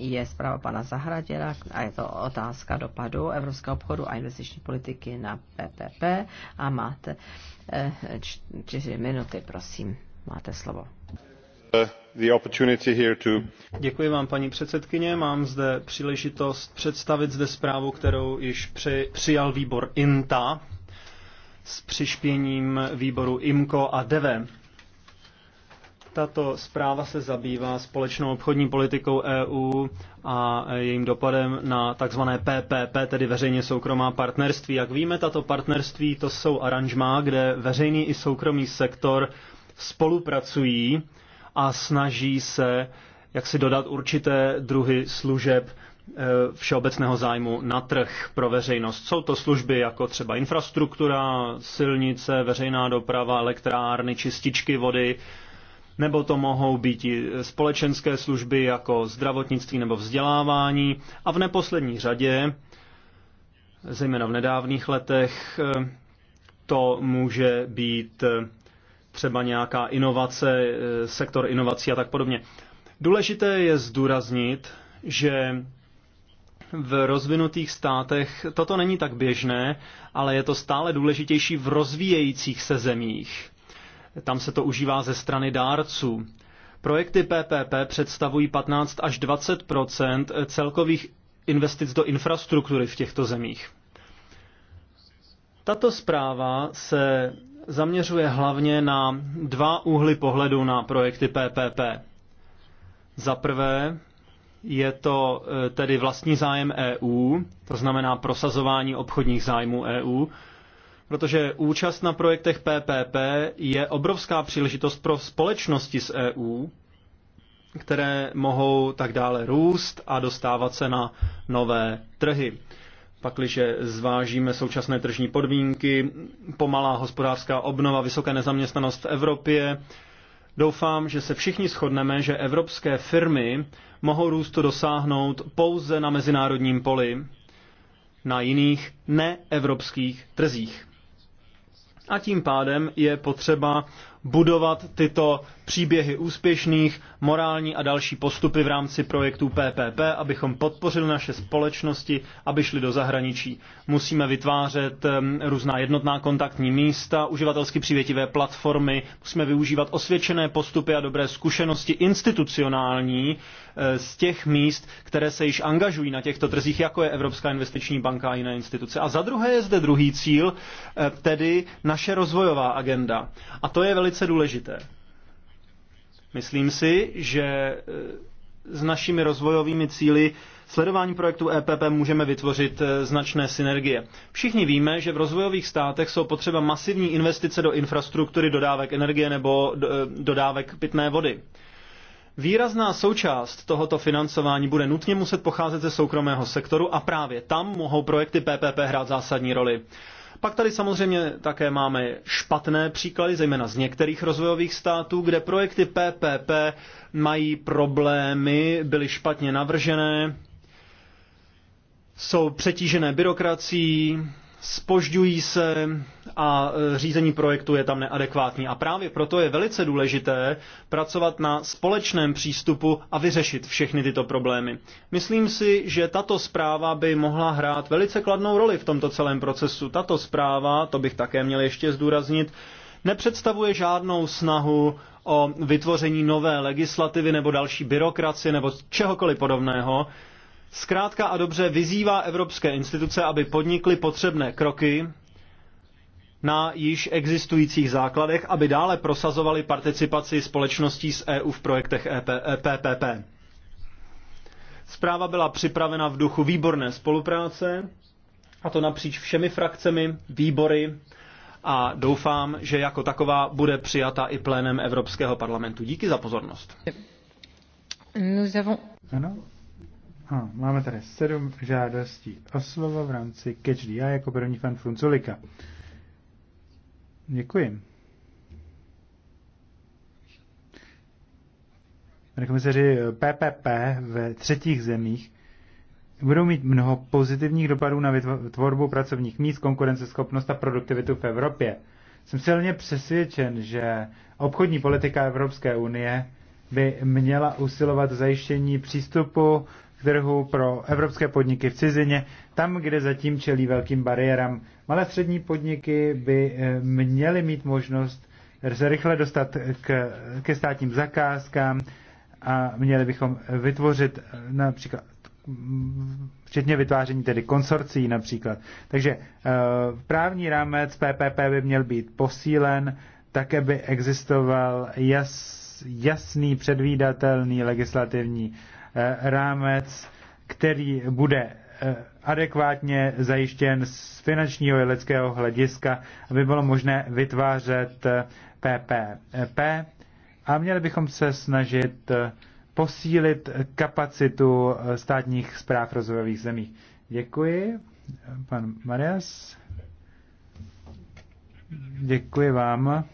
je zpráva pana Zahraděla a je to otázka dopadu evropského obchodu a investiční politiky na PPP a máte eh, čtyři minuty, prosím, máte slovo. Eh, Děkuji vám, paní předsedkyně. Mám zde příležitost představit zde zprávu, kterou již při, přijal výbor INTA s přišpěním výboru IMCO a DEVE. Tato zpráva se zabývá společnou obchodní politikou EU a jejím dopadem na tzv. PPP, tedy veřejně soukromá partnerství. Jak víme, tato partnerství to jsou aranžmá, kde veřejný i soukromý sektor spolupracují a snaží se jak si dodat určité druhy služeb e, všeobecného zájmu na trh pro veřejnost. Jsou to služby jako třeba infrastruktura, silnice, veřejná doprava, elektrárny, čističky vody, nebo to mohou být i společenské služby jako zdravotnictví nebo vzdělávání a v neposlední řadě, zejména v nedávných letech, to může být třeba nějaká inovace, sektor inovací a tak podobně. Důležité je zdůraznit, že v rozvinutých státech toto není tak běžné, ale je to stále důležitější v rozvíjejících se zemích. Tam se to užívá ze strany dárců. Projekty PPP představují 15 až 20 celkových investic do infrastruktury v těchto zemích. Tato zpráva se zaměřuje hlavně na dva úhly pohledu na projekty PPP. Za prvé je to e, tedy vlastní zájem EU, to znamená prosazování obchodních zájmů EU, protože účast na projektech PPP je obrovská příležitost pro společnosti z EU, které mohou tak dále růst a dostávat se na nové trhy. Pakliže zvážíme současné tržní podmínky, pomalá hospodářská obnova, vysoká nezaměstnanost v Evropě, Doufám, že se všichni shodneme, že evropské firmy mohou růstu dosáhnout pouze na mezinárodním poli, na jiných neevropských trzích a tím pádem je potřeba budovat tyto příběhy úspěšných, morální a další postupy v rámci projektů PPP, abychom podpořili naše společnosti, aby šli do zahraničí. Musíme vytvářet různá jednotná kontaktní místa, uživatelsky přívětivé platformy, musíme využívat osvědčené postupy a dobré zkušenosti institucionální eh, z těch míst, které se již angažují na těchto trzích, jako je Evropská investiční banka a jiné instituce. A za druhé je zde druhý cíl, eh, tedy naše rozvojová agenda. A to je velice důležité. Myslím si, že e, s našimi rozvojovými cíly sledování projektu EPP můžeme vytvořit e, značné synergie. Všichni víme, že v rozvojových státech jsou potřeba masivní investice do infrastruktury, dodávek energie nebo e, dodávek pitné vody. Výrazná součást tohoto financování bude nutně muset pocházet ze soukromého sektoru a právě tam mohou projekty PPP hrát zásadní roli. Pak tady samozřejmě také máme špatné příklady, zejména z některých rozvojových států, kde projekty PPP mají problémy, byly špatně navržené, jsou přetížené byrokracií, spožďují se, a e, řízení projektu je tam neadekvátní. A právě proto je velice důležité pracovat na společném přístupu a vyřešit všechny tyto problémy. Myslím si, že tato zpráva by mohla hrát velice kladnou roli v tomto celém procesu. Tato zpráva, to bych také měl ještě zdůraznit, nepředstavuje žádnou snahu o vytvoření nové legislativy nebo další byrokracie nebo čehokoliv podobného. Zkrátka a dobře vyzývá evropské instituce, aby podnikly potřebné kroky na již existujících základech, aby dále prosazovali participaci společností z EU v projektech PPP. E e, Zpráva byla připravena v duchu výborné spolupráce, a to napříč všemi frakcemi, výbory a doufám, že jako taková bude přijata i plénem Evropského parlamentu. Díky za pozornost. Nous avons... Ano. A, máme tady sedm žádostí o slovo v rámci Catch the Eye jako první fan Frunzulika. Děkuji. Pane komisaři, PPP ve třetích zemích budou mít mnoho pozitivních dopadů na tvorbu pracovních míst, konkurenceschopnost a produktivitu v Evropě. Jsem silně přesvědčen, že obchodní politika Evropské unie by měla usilovat zajištění přístupu k trhu pro evropské podniky v cizině, tam, kde zatím čelí velkým bariérám. Malé střední podniky by eh, měly mít možnost se rychle dostat k, ke státním zakázkám a měli bychom vytvořit eh, například včetně vytváření tedy konsorcí například. Takže eh, právní rámec PPP by měl být posílen, také by existoval jas, jasný, předvídatelný legislativní eh, rámec, který bude eh, adekvátně zajištěn z finančního i lidského hlediska, aby bylo možné vytvářet PPP eh, a měli bychom se snažit posílit kapacitu státních zpráv rozvojových zemí. Děkuji, pan Marias. Děkuji vám.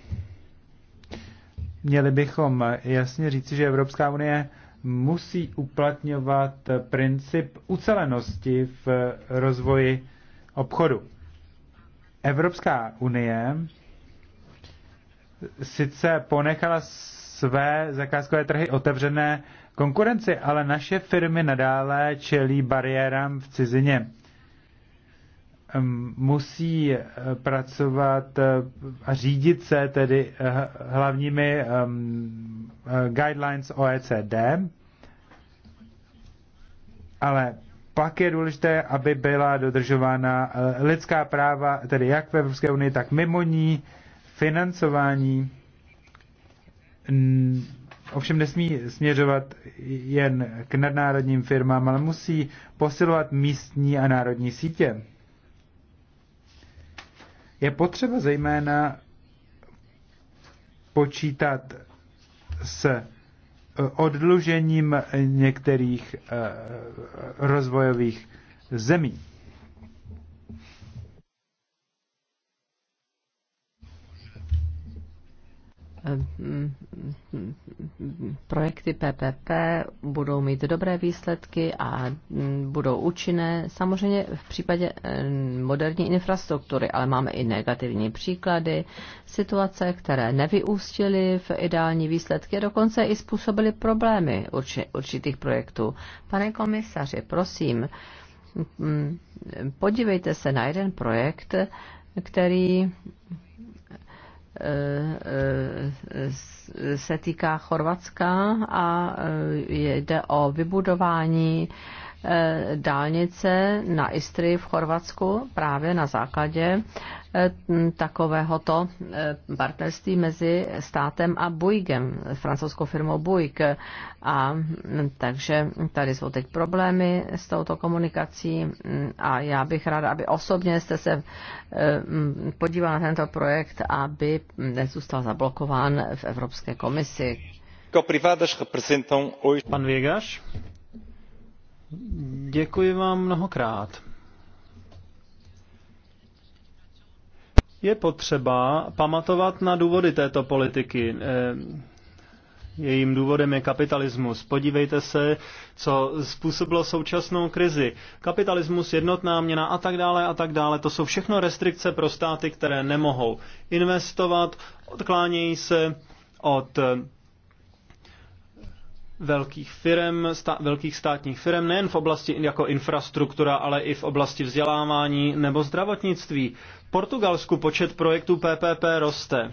Měli bychom jasně říci, že Evropská unie musí uplatňovat princip ucelenosti v rozvoji obchodu. Evropská unie sice ponechala své zakázkové trhy otevřené konkurenci, ale naše firmy nadále čelí bariérám v cizině musí eh, pracovat eh, a řídit se tedy eh, hlavními guidelines OECD, ale pak je důležité, aby byla dodržována lidská práva, tedy jak v Evropské unii, tak mimo ní, financování ovšem nesmí směřovat jen k nadnárodním firmám, ale musí posilovat místní a národní sítě. Je potřeba zejména počítat s eh, odlužením některých eh, rozvojových zemí. projekty PPP budou mít dobré výsledky a budou účinné. Samozřejmě v případě eh, moderní infrastruktury, ale máme i negativní příklady, situace, které nevyústily v ideální výsledky, dokonce i způsobily problémy určitých projektů. Pane komisaři, prosím, mm, podívejte se na jeden projekt, který se týká Chorvatska a e, jde o vybudování e, dálnice na Istrii v Chorvatsku právě na základě E, takovéhoto e, partnerství mezi státem a Bouyguem, francouzskou firmou Bouygues. A takže tady jsou teď problémy s touto komunikací a já bych ráda, aby osobně jste se e, podíval na tento projekt, aby nezůstal zablokován v Evropské komisi. Pan Věgaš, děkuji vám mnohokrát. Je potřeba pamatovat na důvody této politiky. Eh, jejím důvodem je kapitalismus. Podívejte se, co způsobilo současnou krizi. Kapitalismus, jednotná měna a tak dále a tak dále. To jsou všechno restrikce pro státy, které nemohou investovat, odklánějí se od velkých firm, sta, velkých státních firm, nejen v oblasti jako infrastruktura, ale i v oblasti vzdělávání nebo zdravotnictví. V Portugalsku počet projektů PPP roste.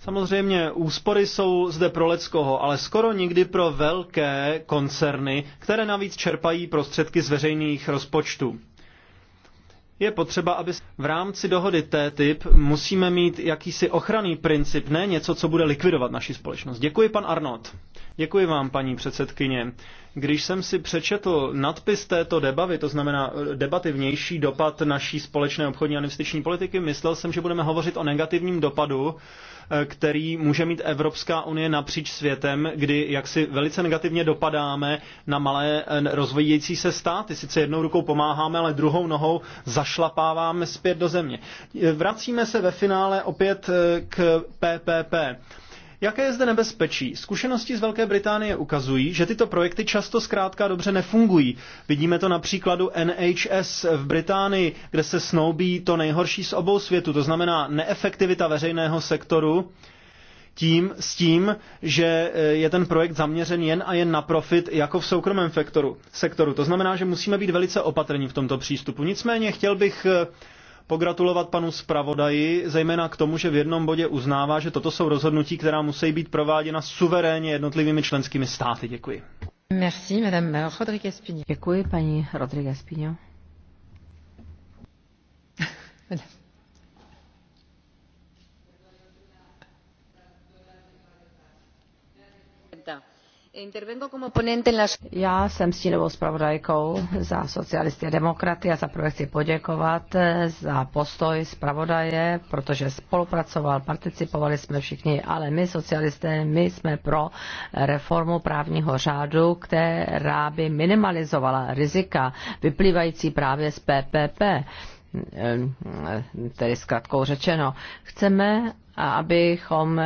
Samozřejmě úspory jsou zde pro Leckoho, ale skoro nikdy pro velké koncerny, které navíc čerpají prostředky z veřejných rozpočtů. Je potřeba, aby v rámci dohody TTIP musíme mít jakýsi ochranný princip, ne něco, co bude likvidovat naši společnost. Děkuji, pan Arnold. Děkuji vám, paní předsedkyně. Když jsem si přečetl nadpis této debaty, to znamená eh, debaty vnější dopad naší společné obchodní a investiční politiky, myslel jsem, že budeme hovořit o negativním dopadu, eh, který může mít Evropská unie napříč světem, kdy jaksi velice negativně dopadáme na malé eh, rozvíjející se státy. Sice jednou rukou pomáháme, ale druhou nohou zašlapáváme zpět do země. Vracíme se ve finále opět k PPP. Jaké je zde nebezpečí? Zkušenosti z Velké Británie ukazují, že tyto projekty často zkrátka dobře nefungují. Vidíme to na příkladu NHS v Británii, kde se snoubí to nejhorší z obou světů, to znamená neefektivita veřejného sektoru, tím, s tím, že eh, je ten projekt zaměřen jen a jen na profit, jako v soukromém sektoru. sektoru. To znamená, že musíme být velice opatrní v tomto přístupu. Nicméně chtěl bych eh, pogratulovat panu zpravodaji, zejména k tomu, že v jednom bodě uznává, že toto jsou rozhodnutí, která musí být prováděna suverénně jednotlivými členskými státy. Děkuji. Merci, madame Rodriguez Pino. Děkuji, paní Rodriguez Pino. E, Já jsem stínovou zpravodajkou za socialisty a demokraty a za prvé chci poděkovat e, za postoj zpravodaje, protože spolupracoval, participovali jsme všichni, ale my socialisté, my jsme pro reformu právního řádu, která by minimalizovala rizika vyplývající právě z PPP Eh, tedy zkratkou řečeno, chceme, abychom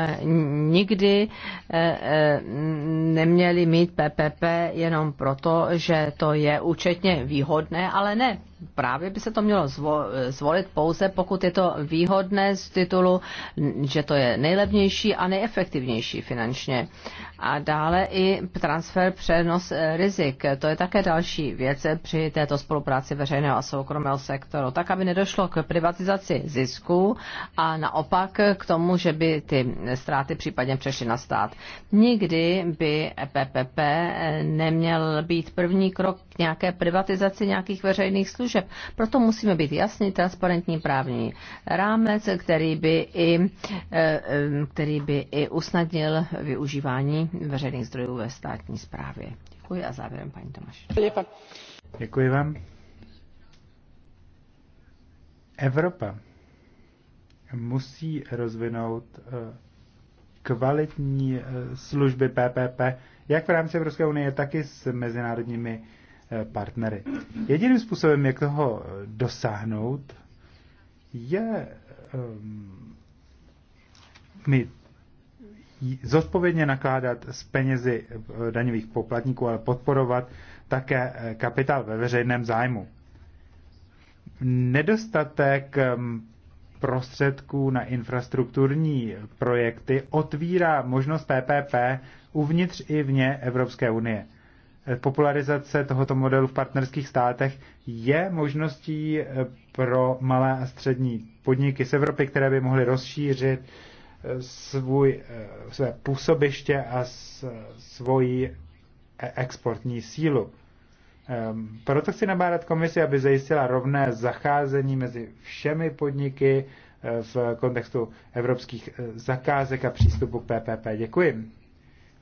nikdy eh, eh, neměli mít PPP jenom proto, že to je účetně výhodné, ale ne právě by se to mělo zvolit pouze, pokud je to výhodné z titulu, že to je nejlevnější a nejefektivnější finančně. A dále i transfer přenos eh, rizik. To je také další věc při této spolupráci veřejného a soukromého sektoru, tak aby nedošlo k privatizaci zisků a naopak k tomu, že by ty ztráty případně přešly na stát. Nikdy by PPP e neměl být první krok k nějaké privatizaci nějakých veřejných služeb. Proto musíme být jasný, transparentní právní rámec, který by i, eh, eh, který by i usnadnil využívání veřejných zdrojů ve státní správě. Děkuji a závěrem paní Tomáš. Děkuji vám. Evropa musí rozvinout eh, kvalitní služby PPP, jak v rámci Evropské unie, tak i s mezinárodními partnery. Jediným způsobem, jak toho dosáhnout, je um, mít zodpovědně nakládat s penězi daňových poplatníků, ale podporovat také eh, kapitál ve veřejném zájmu. Nedostatek ehm, prostředků na infrastrukturní projekty otvírá možnost PPP uvnitř i vně Evropské unie popularizace tohoto modelu v partnerských státech je možností eh, pro malé a střední podniky z Evropy, které by mohly rozšířit eh, svůj, eh, své působiště a svoji e-, exportní sílu. Ehm, proto chci nabádat komisi, aby zajistila rovné zacházení mezi všemi podniky v kontextu evropských zakázek a přístupu k PPP. Děkuji.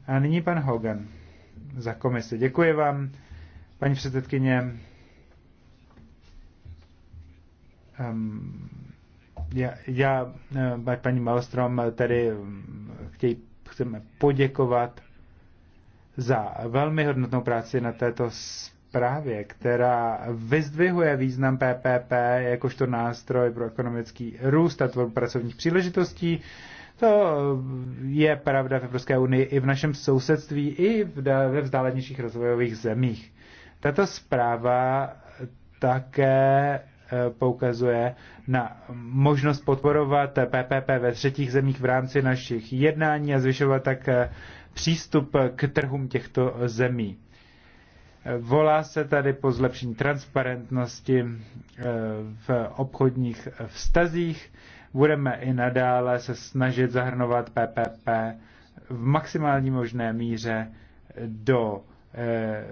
A nyní pan Hogan za komisi. Děkuji vám, paní předsedkyně. Um, já, já, eh, paní Malstrom, tady hm, chtějí, chceme poděkovat za velmi hodnotnou práci na této zprávě, která vyzdvihuje význam PPP jakožto nástroj pro ekonomický růst a tvorbu pracovních příležitostí. To eh, je pravda v Evropské unii i v našem sousedství, i ve vzdálenějších rozvojových zemích. Tato zpráva také eh, poukazuje na možnost podporovat PPP ve třetích zemích v rámci našich jednání a zvyšovat tak eh, přístup k trhům těchto zemí. Volá se tady po zlepšení transparentnosti v obchodních vztazích Budeme i nadále se snažit zahrnovat PPP v maximální možné míře do eh,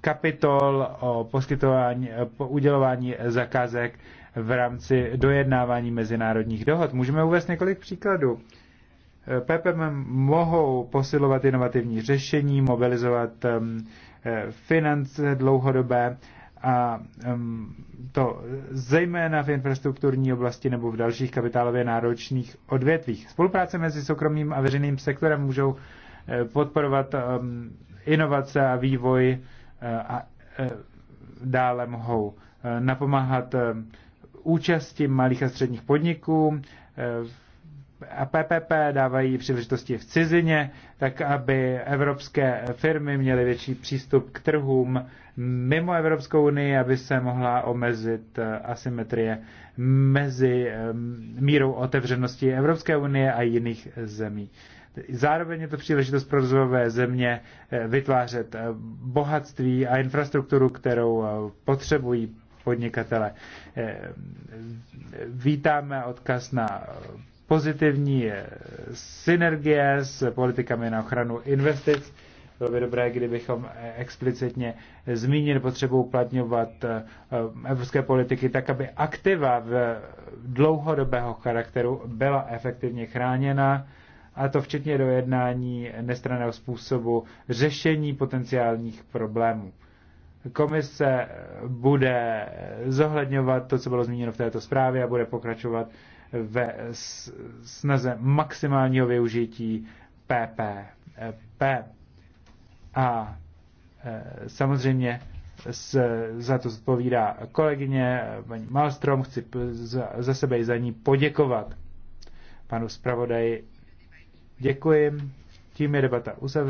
kapitol o poskytování, po udělování zakázek v rámci dojednávání mezinárodních dohod. Můžeme uvést několik příkladů. Eh, PPM mohou posilovat inovativní řešení, mobilizovat ehm, eh, finance dlouhodobé a to zejména v infrastrukturní oblasti nebo v dalších kapitálově náročných odvětvích. Spolupráce mezi soukromým a veřejným sektorem můžou eh, podporovat inovace a vývoj eh, a eh, dále mohou napomáhat účasti malých a středních podniků a PPP dávají příležitosti v cizině, tak aby evropské firmy měly větší přístup k trhům mimo Evropskou unii, aby se mohla omezit eh, asymetrie mezi mírou otevřenosti Evropské unie a jiných zemí. Zároveň je to příležitost pro rozvojové země eh, vytvářet eh, bohatství a infrastrukturu, kterou potřebují podnikatele. Vítáme odkaz na pozitivní synergie s politikami na ochranu investic bylo by dobré, kdybychom eh, explicitně zmínili potřebu uplatňovat eh, evropské politiky tak, aby aktiva v dlouhodobého charakteru byla efektivně chráněna, a to včetně dojednání nestraného způsobu řešení potenciálních problémů. Komise eh, bude zohledňovat to, co bylo zmíněno v této zprávě a bude pokračovat ve snaze maximálního využití PPP. A e, samozřejmě s, za to zodpovídá kolegyně paní Malstrom. Chci za, za sebe i za ní poděkovat panu zpravodaji. Děkuji. Tím je debata uzavřena.